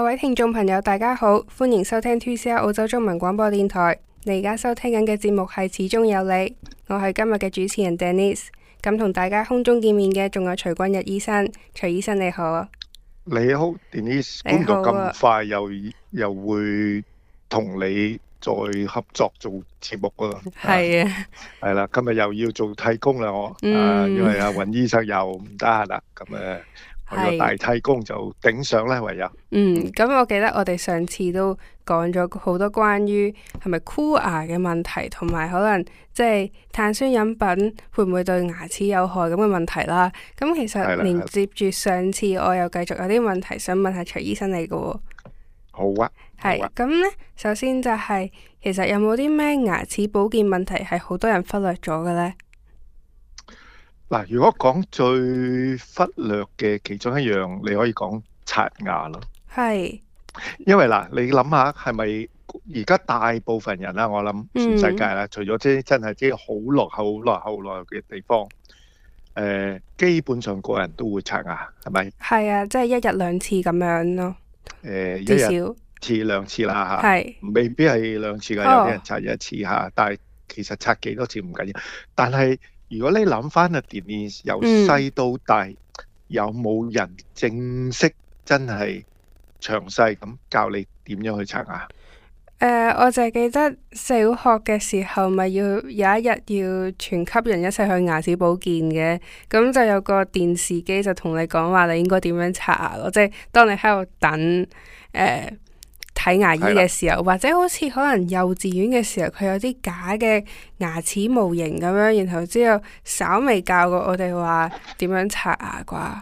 各位聽眾朋友，大家好，歡迎收聽 TCL 澳洲中文廣播電台。你而家收聽緊嘅節目係《齒中有理》，我係今日嘅主持人 Dennis。咁同大家空中見面嘅仲有徐君日醫生，徐醫生你好。啊！你好，Dennis。工作咁快又、啊、又，又會同你再合作做節目噶啦。係啊。係啦，啊，今日又要做替工啦，我，嗯啊，因為阿尹醫生又唔得啦，咁誒，啊。係大太公就頂上咧，唯有。嗯，咁我記得我哋上次都講咗好多關於係咪箍牙嘅問題，同埋可能即係碳酸飲品會唔會對牙齒有害咁嘅問題啦。咁其實連接住上次，我又繼續有啲問題想問下徐醫生嚟嘅喔啊。好啊。係，咁呢，首先就係、是、其實有冇啲咩牙齒保健問題係好多人忽略咗嘅呢？嗱，如果講最忽略嘅其中一樣，你可以講刷牙咯。係，因為嗱，你諗下，係咪而家大部分人啦，我諗全世界啦，嗯、除咗啲真係啲好落後、落後、落嘅地方，誒、呃，基本上個人都會刷牙，係咪？係啊，即係一日兩次咁樣咯。誒、呃，至少一日次兩次啦嚇。係，未必係兩次㗎，有啲人刷一次嚇。哦、但係其實刷幾多次唔緊要，但係。如果你諗翻啊，電電，由細到大，嗯、有冇人正式真係詳細咁教你點樣去刷牙？誒、呃，我就記得小學嘅時候，咪要有一日要全級人一齊去牙齒保健嘅，咁就有個電視機就同你講話，你應該點樣刷牙咯，即係當你喺度等誒。呃睇牙醫嘅時候，的或者好似可能幼稚園嘅時候，佢有啲假嘅牙齒模型咁樣，然後之後稍微教過我哋話點樣刷牙啩。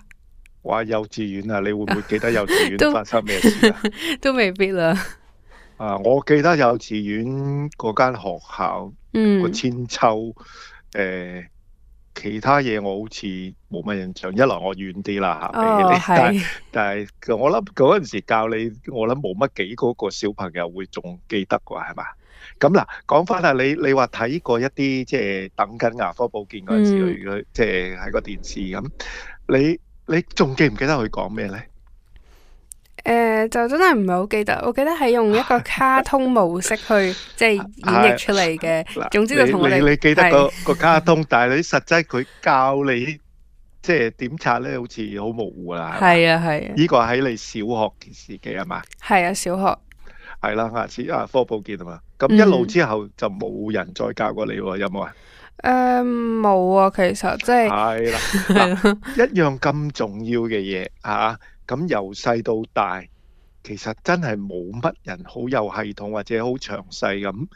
哇幼稚園啊，你會唔會記得幼稚園發生咩事啊？ 都未必啦。啊，我記得幼稚園嗰間學校、嗯、個千秋誒。呃其他嘢我好似冇乜印象，一來我遠啲啦吓，但係但係我諗嗰陣時教你，我諗冇乜幾嗰個小朋友會仲記得啩，係嘛？咁嗱，講翻下你，你話睇過一啲即係等緊牙科保健嗰陣時，佢、嗯、即係喺個電視咁，你你仲記唔記得佢講咩咧？誒，就真係唔係好記得，我記得係用一個卡通模式去即係演繹出嚟嘅。總之就同你你記得個個卡通，但係你實際佢教你即係點擦咧，好似好模糊啦。係啊，係啊，呢個喺你小學時期係嘛？係啊，小學係啦，下次啊，科普見啊嘛。咁一路之後就冇人再教過你，有冇啊？誒，冇啊，其實即係係啦，嗱，一樣咁重要嘅嘢吓。咁由細到大，其實真係冇乜人好有系統或者好詳細咁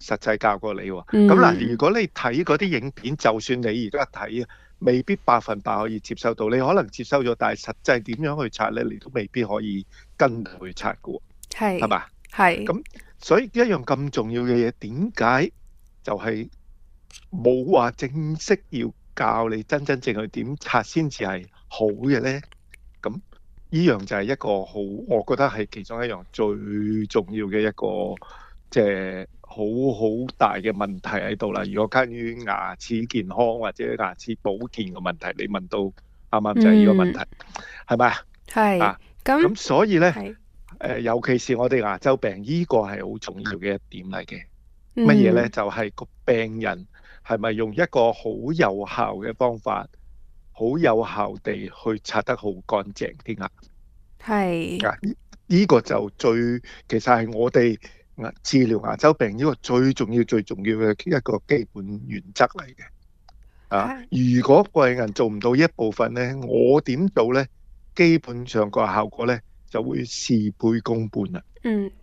實際教過你。咁嗱，如果你睇嗰啲影片，就算你而家睇啊，未必百分百可以接收到。你可能接收咗，但係實際點樣去刷咧，你都未必可以跟去刷嘅。係，係嘛？係。咁所以一樣咁重要嘅嘢，點解就係冇話正式要教你真真正去點刷先至係好嘅咧？呢樣就係一個好，我覺得係其中一樣最重要嘅一個，即係好好大嘅問題喺度啦。如果關於牙齒健康或者牙齒保健嘅問題，你問到啱啱就係呢個問題，係咪啊？係啊，咁咁所以咧，誒，尤其是我哋牙周病，呢個係好重要嘅一點嚟嘅。乜嘢咧？就係個病人係咪用一個好有效嘅方法？好有效地去擦得好乾淨啲牙，係啊，呢個就最其實係我哋牙治療牙周病呢個最重要、最重要嘅一個基本原則嚟嘅。啊，如果個人做唔到呢一部分咧，我點做咧？基本上個效果咧就會事倍功半啦。嗯吧。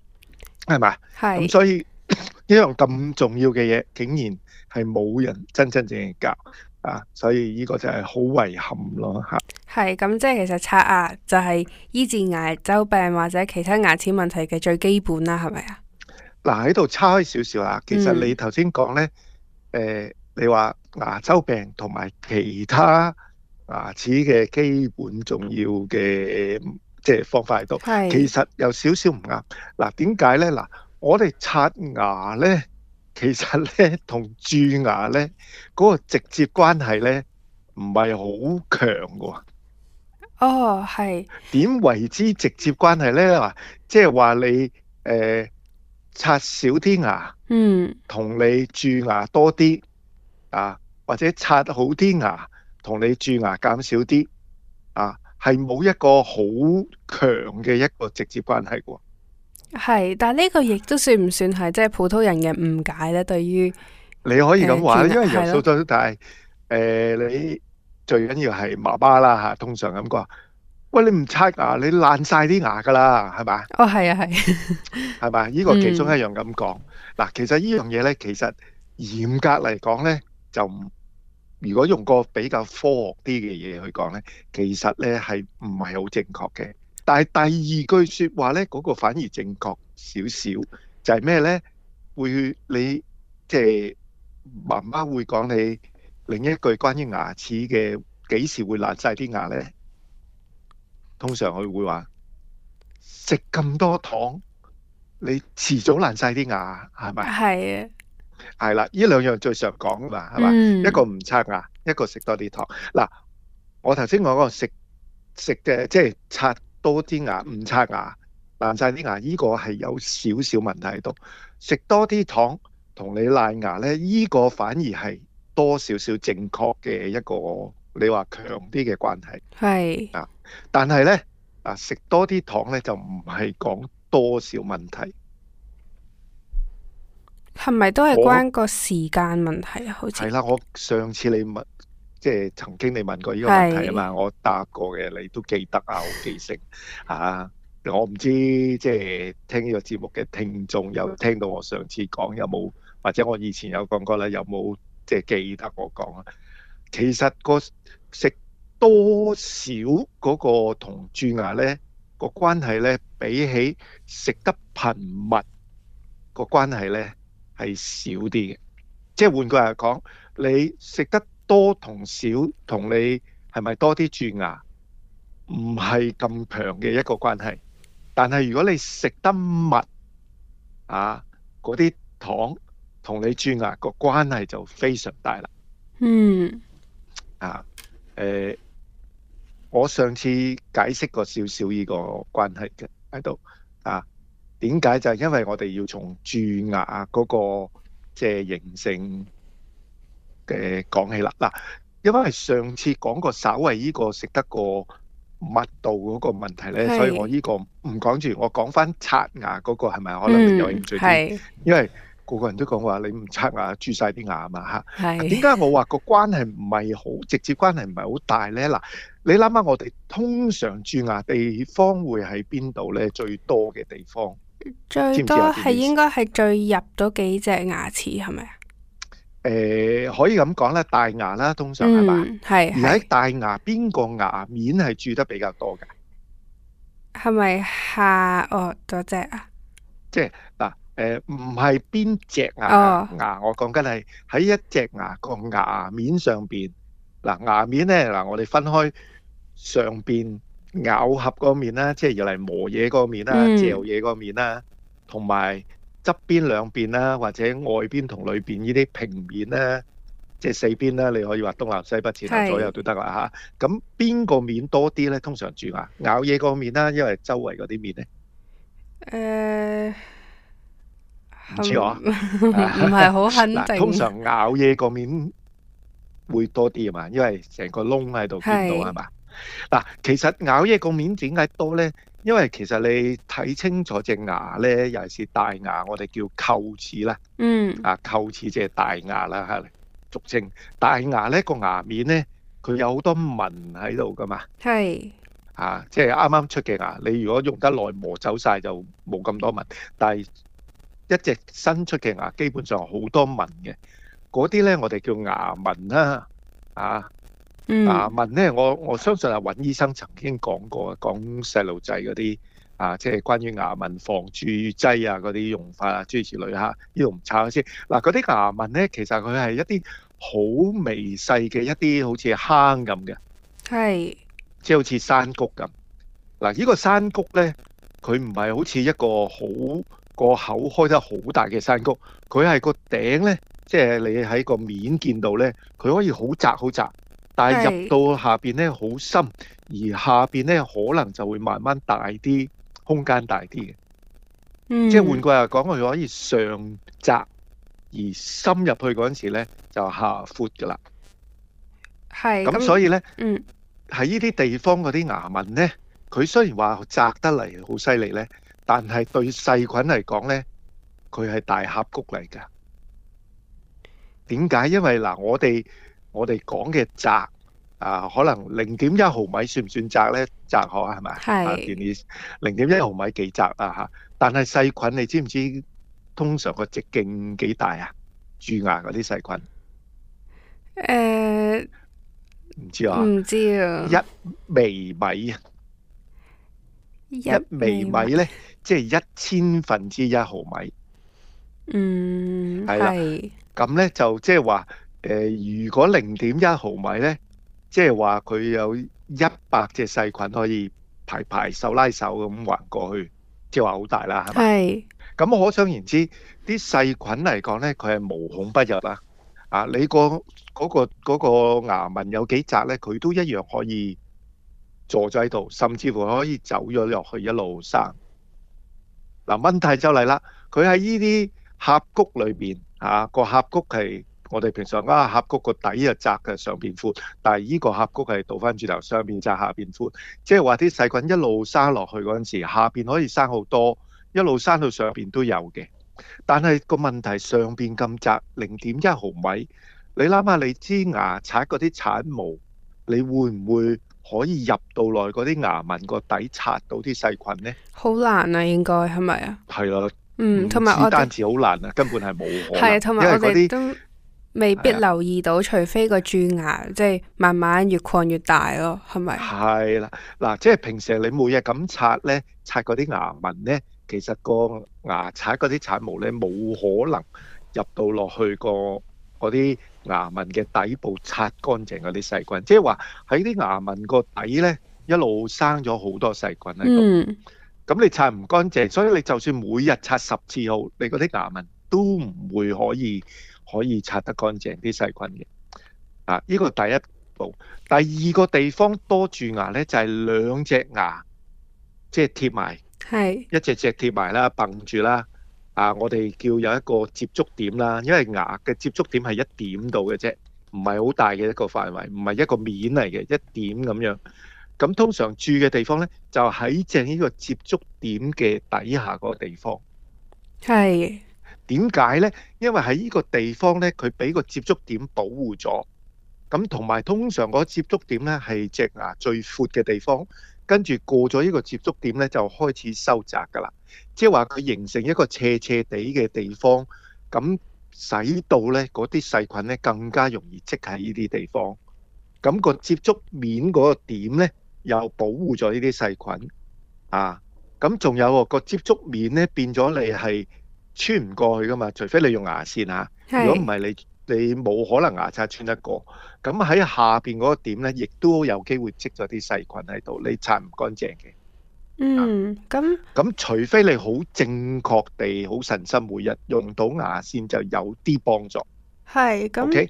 嗯，係嘛？係咁，所以呢樣咁重要嘅嘢，竟然係冇人真真正正教。啊，所以呢個就係好遺憾咯，吓。係，咁即係其實刷牙就係醫治牙周病或者其他牙齒問題嘅最基本啦，係咪啊？嗱，喺度差開少少啊，其實你頭先講呢，誒、嗯欸，你話牙周病同埋其他牙齒嘅基本重要嘅即係方法喺度，係是，其實有少少唔啱。嗱、啊，點解呢？嗱、啊，我哋刷牙呢。其實咧同蛀牙咧嗰個直接關係咧唔係好強嘅。哦，係。點為之直接關係咧？嗱，即係話你誒刷少啲牙，嗯，同你蛀牙多啲啊，或者刷得好啲牙，同你蛀牙減少啲啊，係冇一個好強嘅一個直接關係嘅。係，但係呢個亦都算唔算係即係普通人嘅誤解咧？對於你可以咁話，因為人數都大。誒，你最緊要係媽媽啦吓，通常咁講。喂，你唔刷牙，你爛晒啲牙噶啦，係咪？哦，係啊，係。係咪？呢個其中一樣咁講。嗱，其實呢樣嘢咧，其實嚴格嚟講咧，就唔如果用個比較科學啲嘅嘢去講咧，其實咧係唔係好正確嘅。但係第二句説話咧，嗰、那個反而正確少少，就係咩咧？會你即係、就是、媽媽會講你另一句關於牙齒嘅幾時會爛晒啲牙咧？通常佢會話食咁多糖，你遲早爛晒啲牙，係咪？係啊的，係啦，呢兩樣最常講啊嘛，係嘛？嗯、一個唔刷牙，一個食多啲糖。嗱，我頭先講過食食嘅即係刷。多啲牙唔刷牙，爛晒啲牙，呢個係有少少問題喺度。食多啲糖同你爛牙呢，呢個反而係多少少正確嘅一個，你話強啲嘅關係。係是但係呢，食多啲糖呢就唔係講多少問題。係咪都係關個時間問題？我好似係啦，我上次你問。即係曾經你問過呢個問題啊嘛，我答過嘅你都記得啊，好記性嚇。我唔知即係聽呢個節目嘅聽眾有聽到我上次講有冇？或者我以前有講過啦，有冇即係記得我講啊？其實個食多少嗰個同蛀牙咧個關係咧，比起食得頻密個關係咧係少啲嘅。即係換句話講，你食得多同少同你係咪多啲蛀牙，唔係咁強嘅一個關係。但係如果你食得密啊，嗰啲糖同你蛀牙個關係就非常大啦、啊。嗯。啊，誒、欸，我上次解釋過少少呢個關係嘅喺度啊，點解就係、是、因為我哋要從蛀牙嗰個即係形成。嘅講起啦，嗱，因為上次講過稍微呢個食得個密度嗰個問題咧，是所以我呢個唔講住，我講翻刷牙嗰、嗰個係咪？我諗有興趣啲，嗯、因為個個人都講話你唔刷牙，蛀晒啲牙嘛嚇。點解是我話個關係唔係好直接，關係唔係好大咧？嗱，你諗下我哋通常蛀牙地方會喺邊度咧？最多嘅地方，最多係應該係最入到幾隻牙齒係咪？誒，可以咁講咧，大牙啦，通常係嘛？係而喺大牙邊個牙面係住得比較多嘅？係咪下，哦嗰隻啊？即係嗱，誒，唔係邊隻牙牙？我講緊係喺一隻牙個牙面上邊嗱，牙面咧嗱，我哋分開上邊咬合個面啦，即係又嚟磨嘢個面啦、嚼嘢個面啦，同埋。側邊兩邊啦，或者外邊同裏邊呢啲平面咧，即係四邊咧，你可以話東南西北似得左右都得啦嚇。咁邊個面多啲咧？通常住牙咬嘢個面啦，因為周圍嗰啲面咧。誒，唔似我，唔係好肯定。通常咬嘢個面會多啲啊嘛，因為成個窿喺度見到係嘛。嗱，其實咬嘢個面點解多咧？因為其實你睇清楚隻牙咧，尤其是大牙，我哋叫臼齒啦，嗯，啊臼齒即係大牙啦嚇，俗稱大牙咧個牙面咧，佢有好多紋喺度噶嘛，係是，啊即係啱啱出嘅牙，你如果用得耐磨走晒，就冇咁多紋，但係一隻新出嘅牙基本上好多紋嘅，嗰啲咧我哋叫牙紋啦、啊，啊。嗯，牙紋咧，我我相信阿尹醫生曾經講過，講細路仔嗰啲啊，即係關於牙紋防蛀劑啊嗰啲用法啊，諸如此類嚇，呢度唔差先。嗱，嗰啲牙紋咧，其實佢係一啲好微細嘅一啲好似坑咁嘅，係，即係好似山谷咁。嗱，呢個山谷咧，佢唔係好似一個好個口開得好大嘅山谷，佢係個頂咧，即係你喺個面見到咧，佢可以好窄好窄。但係入到下邊咧，好是深，而下邊咧可能就會慢慢大啲，空間大啲嘅。嗯，即係換句話講，佢可以上窄，而深入去嗰陣時咧，就下闊噶啦。係是。咁所以咧，嗯，喺呢啲地方嗰啲牙紋咧，佢雖然話窄得嚟好犀利咧，但係對細菌嚟講咧，佢係大峽谷嚟噶。點解？因為嗱，我哋。我哋講嘅窄啊，可能零點一毫米算唔算窄咧？窄可係咪？係。電你零點一毫米幾窄啊？嚇！但係細菌你知唔知通常個直徑幾大啊？蛀牙嗰啲細菌。誒，唔知啊。唔知啊。一微米啊！一微米咧，即係一千分之一毫米。嗯，係。咁咧就即係話。誒，如果零點一毫米咧，即係話佢有一百隻細菌可以排排手拉手咁橫過去，即係話好大啦，係咪？係。咁可想而知，啲細菌嚟講咧，佢係無孔不入啦。啊，你個嗰個嗰個牙紋有幾窄咧，佢都一樣可以坐咗喺度，甚至乎可以走咗落去一路生。嗱，問題就嚟啦，佢喺呢啲峽谷裏邊啊，個峽谷係。我哋平常啊，峽谷個底啊窄嘅，上邊寬。但係依個峽谷係倒翻轉頭，上邊窄下邊寬。即係話啲細菌一路生落去嗰陣時，下邊可以生好多，一路生到上邊都有嘅。但係個問題上邊咁窄，零點一毫米。你諗下，你支牙刷嗰啲刷毛，你會唔會可以入到來嗰啲牙紋個底刷到啲細菌呢？好難啊，應該係咪啊？係啦。嗯，同埋我單字好難啊，嗯、我根本係冇可能。係啊，同埋我哋都。未必留意到，啊、除非個蛀牙即係慢慢越擴越大咯，係咪？係啦、啊，嗱、啊，即係平時你每日咁刷咧，刷嗰啲牙紋咧，其實個牙刷嗰啲刷毛咧，冇可能入到落去、個嗰啲牙紋嘅底部，刷乾淨嗰啲細菌。即係話喺啲牙紋個底咧，一路生咗好多細菌咧。嗯。咁你刷唔乾淨，所以你就算每日刷十次好，你嗰啲牙紋都唔會可以。可以擦得乾淨啲細菌嘅啊！呢個第一步，第二個地方多蛀牙呢，就係兩隻牙即係貼埋，係、就是、是一隻隻貼埋啦，掹住啦啊！我哋叫有一個接觸點啦，因為牙嘅接觸點係一點到嘅啫，唔係好大嘅一個範圍，唔係一個面嚟嘅，一點咁樣。咁通常蛀嘅地方呢，就喺正呢個接觸點嘅底下個地方係。是點解呢？因為喺呢個地方呢，佢俾個接觸點保護咗，咁同埋通常個接觸點呢，係隻牙最闊嘅地方，跟住過咗呢個接觸點呢，就開始收窄噶啦，即係話佢形成一個斜斜地嘅地方，咁使到呢嗰啲細菌呢更加容易積喺呢啲地方，咁個接觸面嗰個點呢又保護咗呢啲細菌啊，咁仲有個接觸面呢，變咗嚟係。穿唔過去噶嘛？除非你用牙線嚇、啊，如果唔係你，你冇可能牙刷穿得過。咁喺下邊嗰個點咧，亦都有機會積咗啲細菌喺度，你刷唔乾淨嘅。嗯，咁。咁、啊、除非你好正確地好神心，每日用到牙線就有啲幫助。係，咁。Okay?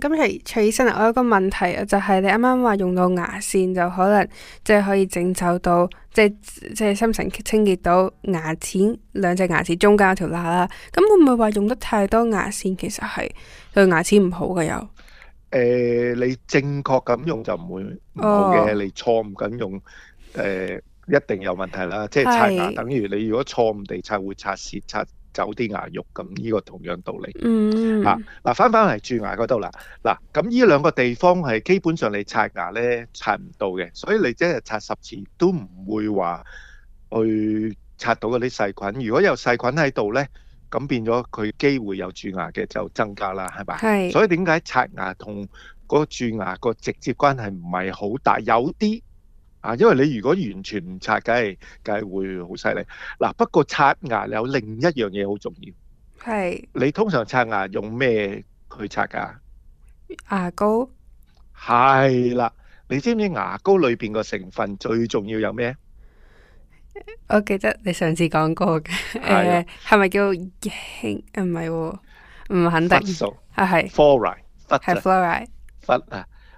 咁尹醫生啊，我有一個問題啊，就係、是、你啱啱話用到牙線就可能即係可以整走到，即係即係深層清潔到牙齒兩隻牙齒中間嗰條罅啦。咁會唔會話用得太多牙線，其實係對牙齒唔好㗎？又誒、呃，你正確咁用就唔會唔好嘅，哦、你錯誤咁用誒、呃，一定有問題啦。即係刷牙是等於你如果錯誤地刷會刷蝕。刷。走啲牙肉咁，呢個同樣道理。嗯，嗱，嗱，翻翻嚟蛀牙嗰度啦，嗱，咁呢兩個地方係基本上你刷牙咧刷唔到嘅，所以你即係刷十次都唔會話去刷到嗰啲細菌。如果有細菌喺度咧，咁變咗佢機會有蛀牙嘅就增加啦，係咪？係。所以點解刷牙同嗰個蛀牙個直接關係唔係好大。有啲啊，因為你如果完全唔刷，梗係梗係會好犀利。嗱，不過刷牙有另一樣嘢好重要。係。你通常刷牙用咩去刷噶？牙膏。係啦，你知唔知牙膏裏邊個成分最重要有咩？我記得你上次講過嘅，係咯，係咪叫氫？唔係喎，唔肯定。氟屬。係，氟化。氟啊。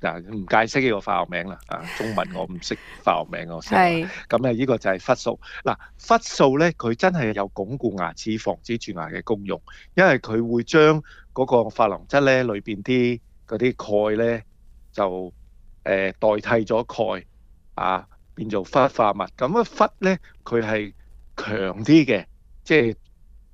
就唔解釋呢個化學名啦，啊中文我唔識化學名我識，咁啊呢個就係氟素。嗱，氟素咧佢真係有鞏固牙齒、防止蛀牙嘅功用，因為佢會將嗰個琺瑯質咧裏邊啲嗰啲鈣咧就誒代替咗鈣啊變做氟化物。咁啊氟咧佢係強啲嘅，即係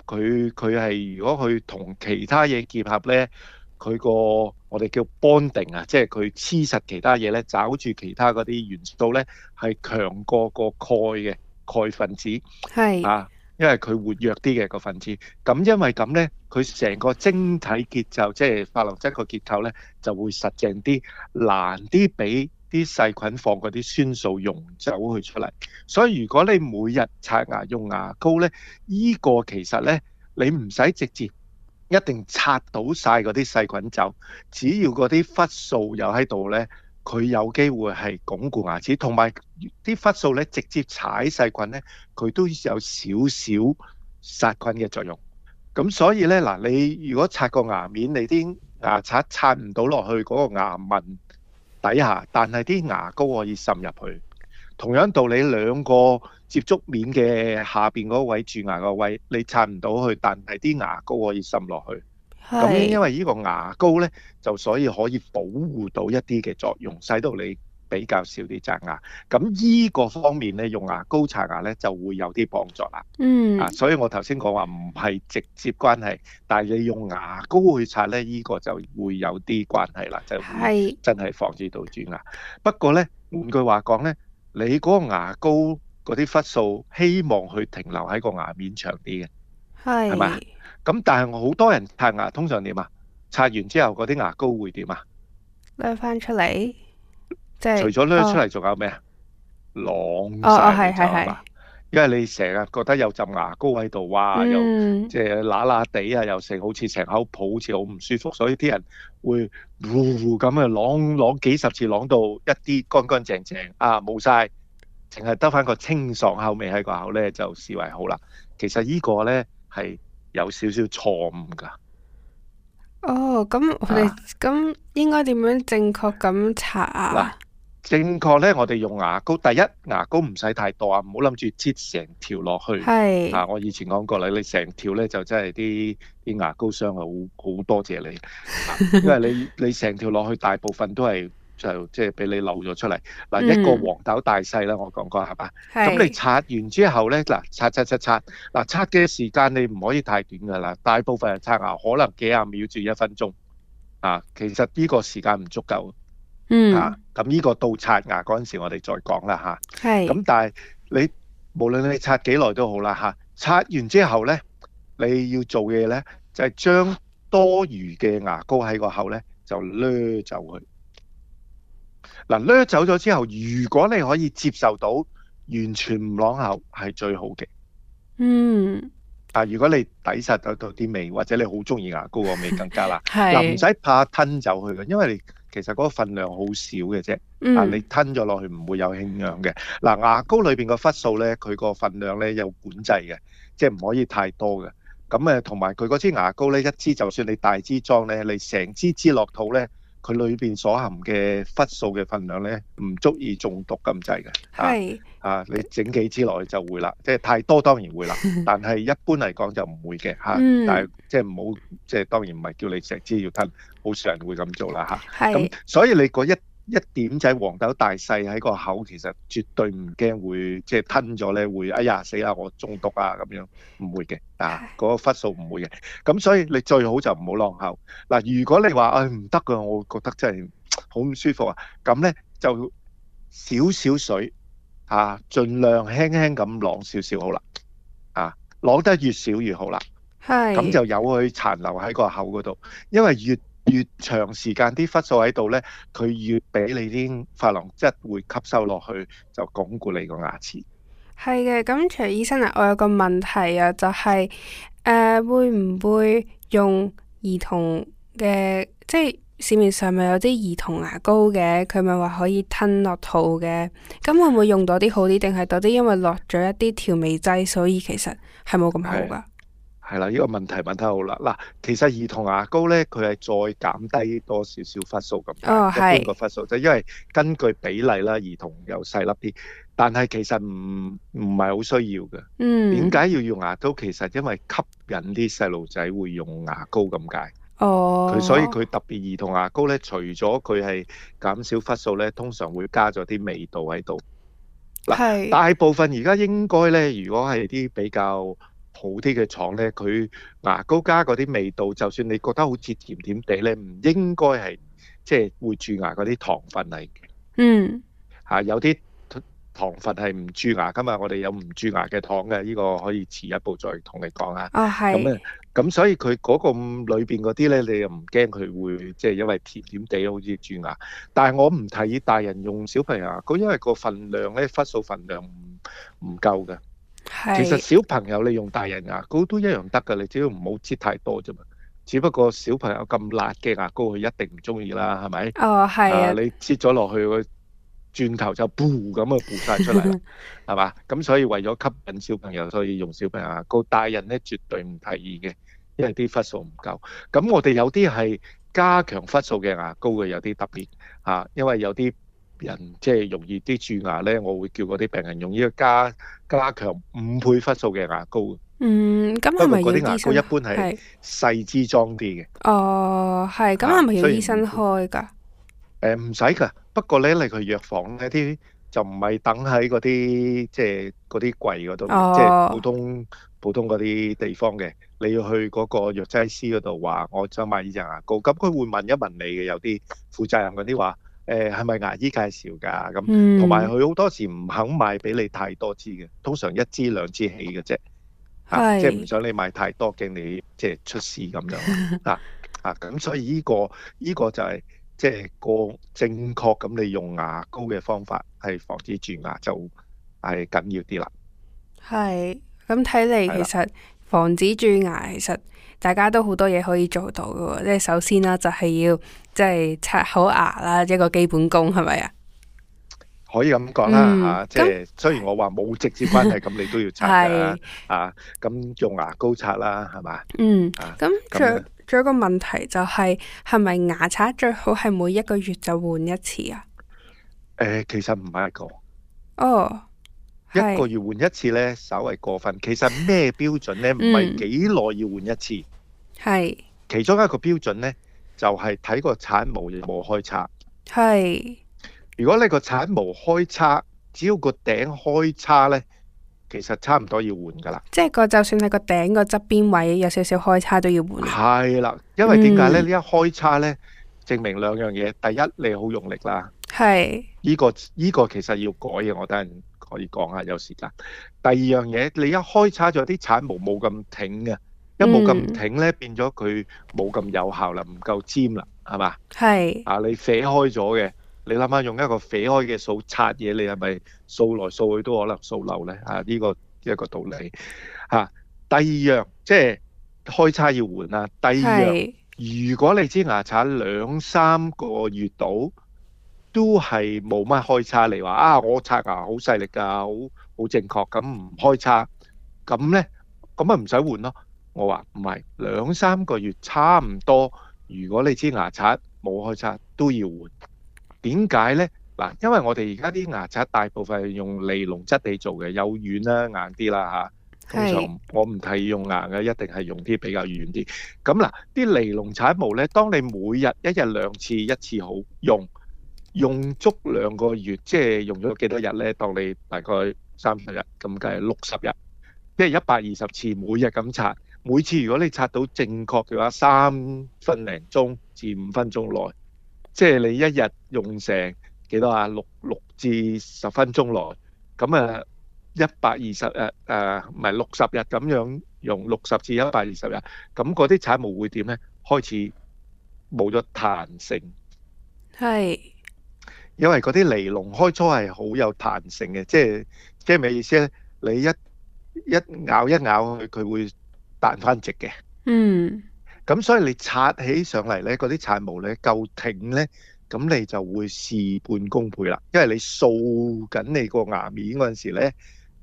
佢佢係如果佢同其他嘢結合咧，佢個。我哋叫 bonding 啊，即係佢黐實其他嘢咧，找住其他嗰啲元素咧，係強過個鈣嘅鈣分子，係啊，因為佢活躍啲嘅個分子。咁因為咁咧，佢成個晶體結構，即係琺瑯質個結構咧，就會實淨啲，難啲俾啲細菌放嗰啲酸素溶走佢出嚟。所以如果你每日刷牙用牙膏咧，依個其實咧，你唔使直接。一定刷到晒嗰啲細菌走，只要嗰啲氟素又喺度咧，佢有機會係鞏固牙齒同埋啲氟素咧，直接踩細菌咧，佢都有少少殺菌嘅作用。咁所以咧嗱，你如果刷個牙面，你啲牙刷刷唔到落去嗰個牙紋底下，但係啲牙膏可以滲入去。同樣道理，兩個接觸面嘅下邊嗰位蛀牙嘅位置，你刷唔到去，但係啲牙膏可以滲落去。咁是因為呢個牙膏咧，就所以可以保護到一啲嘅作用，使到你比較少啲齲牙。咁依個方面咧，用牙膏刷牙咧就會有啲幫助啦。嗯。啊，所以我頭先講話唔係直接關係，但係你用牙膏去刷咧，依、這個就會有啲關係啦，就真係防止到蛀牙。是不過咧，換句話講咧。你嗰個牙膏嗰啲氟素，希望佢停留喺個牙面長啲嘅，係嘛是？咁但係我好多人刷牙通常點啊？刷完之後嗰啲牙膏會點啊？掠返出嚟，即、就、係、是、除咗掠出嚟，仲有咩啊？攣曬就係啦。哦哦係係係。因為你成日覺得有浸牙膏喺度，哇，又即係乸乸地啊，又成好似成口泡，好似好唔舒服，所以啲人會呼呼咁啊，攞攞幾十次，攞到一啲乾乾淨淨啊，冇晒，淨係得翻個清爽口味喺個口咧，就視為好啦。其實呢個咧係有少少錯誤噶。哦，咁我哋咁、啊、應該點樣正確咁刷牙？正確咧，我哋用牙膏，第一，牙膏唔使太多是啊，唔好諗住擠成條落去。我以前講過啦，你成條咧就真係啲啲牙膏箱啊，好好多謝你、啊，因為你你成條落去，大部分都係就即係俾你漏咗出嚟。嗱、啊，一個黃豆大細啦，嗯、我講過係嘛？咁是、啊、你刷完之後咧，嗱刷刷刷刷，嗱刷嘅時間你唔可以太短㗎啦。大部分係刷牙可能幾廿秒至一分鐘啊，其實呢個時間唔足夠。嗯，咁呢、啊、個到刷牙嗰陣時，我，我哋再講啦吓，係咁，但係你無論你刷幾耐都好啦嚇、啊，刷完之後咧，你要做嘅嘢咧就係、是、將多餘嘅牙膏喺個口咧就掠走佢。嗱、啊、掠走咗之後，如果你可以接受到完全唔啷口係最好嘅。嗯。嗱、啊，如果你抵實到到啲味，或者你好中意牙膏個味更加啦。係。嗱，唔使怕吞走佢嘅，因為你。其實嗰個份量好少嘅啫，啊，你吞咗落去唔會有興養嘅。嗱，mm. 牙膏裏邊個氟素咧，佢個份量咧有管制嘅，即係唔可以太多嘅。咁誒，同埋佢嗰支牙膏咧，一支就算你大支裝咧，你成支支落肚咧。佢裏邊所含嘅氟素嘅份量咧，唔足以中毒咁滯嘅。係是啊，你整幾支落去就會啦，即係太多當然會啦，但係一般嚟講就唔會嘅嚇。但係即係唔好，即係當然唔係叫你成支要吞，冇人會咁做啦嚇。係、啊。咁是、啊嗯、所以你嗰一一點仔黃豆大細喺個口，其實絕對唔驚會即係吞咗咧，會哎呀死啦，我中毒啊咁樣，唔會嘅啊，嗰個忽數唔會嘅。咁所以你最好就唔好啷口嗱。如果你話誒唔得嘅，我覺得真係好唔舒服啊。咁咧就少少水啊，儘量輕輕咁啷少少好啦。啊，啷得越少越好啦。係。咁就有佢殘留喺個口嗰度，因為越越長時間啲氟素喺度呢，佢越俾你啲珐琅質會吸收落去，就鞏固你個牙齒。係嘅，咁尹醫生啊，我有一個問題啊，就係、是、誒、呃、會唔會用兒童嘅，即係市面上咪有啲兒童牙膏嘅？佢咪話可以吞落肚嘅，咁會唔會用到啲好啲，定係到啲因為落咗一啲調味劑，所以其實係冇咁好噶？係啦，呢、呢個問題問得好啦。嗱，其實兒童牙膏咧，佢係再減低多少少氟素咁解，個氟、哦、素就是因為根據比例啦，兒童又細粒啲。但係其實唔唔係好需要嘅。嗯。點解要用牙膏？其實因為吸引啲細路仔會用牙膏咁解。哦。佢所以佢特別兒童牙膏咧，除咗佢係減少氟素咧，通常會加咗啲味道喺度。係是。嗱，大部分而家應該咧，如果係啲比較好啲嘅廠咧，佢牙膏加嗰啲味道，就算你覺得好似甜甜地咧，唔應該係即係會蛀牙嗰啲糖分嚟。嗯。嚇，有啲糖分係唔蛀牙㗎嘛，今日我哋有唔蛀牙嘅糖嘅，呢個可以遲一步再同你講下。啊，係。咁咧，咁所以佢嗰個裏邊嗰啲咧，你又唔驚佢會即係因為甜甜地好似蛀牙，但係我唔提議大人用小朋友牙膏，因為個份量咧，份數份量唔唔夠嘅。其實小朋友你用大人牙膏都一樣得噶，你只要唔好切太多啫嘛。只不過小朋友咁辣嘅牙膏佢一定唔中意啦，係咪？哦，係啊。你切咗落去，佢轉頭就噗咁啊，噃晒出嚟，係嘛？咁所以為咗吸引小朋友，所以用小朋友牙膏。大人咧絕對唔提議嘅，因為啲氟數唔夠。咁我哋有啲係加強氟數嘅牙膏嘅，有啲特別吓，因為有啲。人即係容易啲蛀牙咧，我會叫嗰啲病人用呢個加加強五倍份數嘅牙膏。嗯，咁係咪要醫生？不過嗰啲牙膏一般係細支裝啲嘅。哦，係，咁係咪要醫生開噶？誒，唔使噶。不過咧，你去藥房咧，啲就唔係等喺嗰啲即係嗰啲櫃嗰度，即係普通普通嗰啲地方嘅。你要去嗰個藥劑師嗰度話，我想買呢隻牙膏。咁佢會問一問你嘅，有啲負責任嗰啲話。誒，係咪牙醫介紹㗎，咁，同埋佢好多時唔肯買俾你太多支嘅，嗯、通常一支兩支起嘅啫，嚇是、啊，即係唔想你買太多，驚你即係出事咁樣啊 啊！咁、啊、所以呢、呢個呢、呢個就係、是、即係個正確咁你用牙膏嘅方法係防止蛀牙就係、是、緊要啲啦。係咁睇嚟，其實防止蛀牙是的 其實大家都好多嘢可以做到嘅喎，即係首先啦，就係要。即係刷好牙啦，一個基本功係咪啊？可以咁講啦，吓即係雖然我話冇直接關係，咁你都要刷噶，啊咁用牙膏刷啦，係嘛？嗯，咁仲仲有個問題就係係咪牙刷最好係每一個月就換一次啊？誒，其實唔係一個哦，一個月換一次呢，稍為過分。其實咩標準呢？唔係幾耐要換一次？係其中一個標準呢。就係睇個產毛有冇開叉。係是。如果你個產毛開叉，只要個頂開叉呢，其實差唔多要換㗎啦。即係個就算你個頂個側邊位有少少開叉都要換。係啦，因為點解呢？你一開叉呢，證明兩樣嘢。第一，你好用力啦。係是。呢個呢個其實要改嘅，我等陣可以講下有時間。第二樣嘢，你一開叉就啲產毛冇咁挺嘅。一冇咁挺咧，變咗佢冇咁有效啦，唔夠尖啦，係嘛？係啊，你啡開咗嘅，你諗下用一個啡開嘅掃刷嘢，你係咪掃來掃去都可能掃漏咧？啊，呢個一個道理。嚇，第二樣即係開叉要換啦。第二樣，如果你支牙刷兩三個月度都係冇乜開叉，你話啊，我刷牙好細力噶，好好正確，咁唔開叉咁咧，咁咪唔使換咯。我話唔係兩三個月差唔多。如果你支牙刷冇開刷都要換，點解呢？嗱，因為我哋而家啲牙刷大部分係用尼龍質地做嘅，有軟啦硬啲啦嚇。通常我唔提用硬嘅，一定係用啲比較軟啲。咁嗱，啲尼龍刷毛呢，當你每日一日兩次一次好用，用足兩個月，即係用咗幾多日呢？當你大概三十日，咁計係六十日，即係一百二十次每日咁刷。每次如果你刷到正確嘅話，三分零鐘至五分鐘內，即係你一日用成幾多啊？六六至十分鐘內，咁啊一百二十日誒，唔係六十日咁樣用六十至一百二十日，咁嗰啲產毛會點咧？開始冇咗彈性。係。因為嗰啲尼龍開初係好有彈性嘅，即係即係咩意思咧？你一一咬一咬佢，佢會。彈翻直嘅，嗯，咁所以你刷起上嚟呢，嗰啲刷毛呢，夠挺呢，咁你就會事半功倍啦。因為你掃緊你個牙面嗰陣時，呢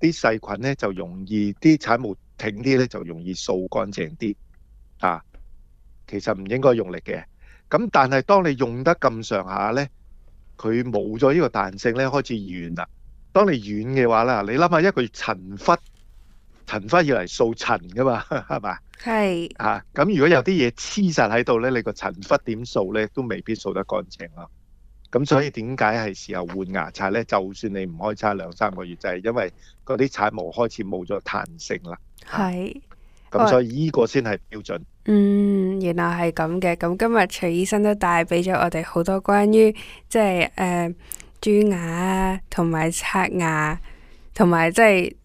啲細菌呢就容易，啲刷毛挺啲呢就容易掃乾淨啲啊。其實唔應該用力嘅，咁但係當你用得咁上下呢，佢冇咗呢個彈性呢，開始軟啦。當你軟嘅話呢，你諗下一個塵忽。塵忽要嚟掃塵噶嘛，係嘛？係是。嚇、啊，咁如果有啲嘢黐實喺度咧，你個塵忽點掃咧都未必掃得乾淨咯。咁所以點解係時候換牙刷咧？就算你唔開叉兩三個月，就係、是、因為嗰啲刷毛開始冇咗彈性啦。係、啊。咁是、啊、所以依個先係標準、哦。嗯，原來係咁嘅。咁今日徐醫生都帶俾咗我哋好多關於即係誒，蛀牙啊，同、呃、埋刷牙，同埋即係。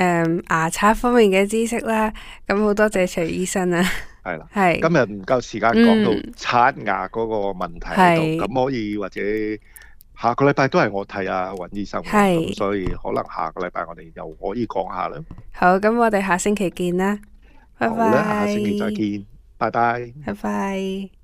誒、嗯，牙刷方面嘅知識啦，咁好多謝徐醫生啊，係啦，係 是今日唔夠時間講到刷牙嗰個問題，係咁、嗯、可以或者下個禮拜都係我睇阿尹醫生，係是，所以可能下個禮拜我哋又可以講下啦。好，咁我哋下星期見啦，啦拜拜，下星期再見，拜拜，拜拜。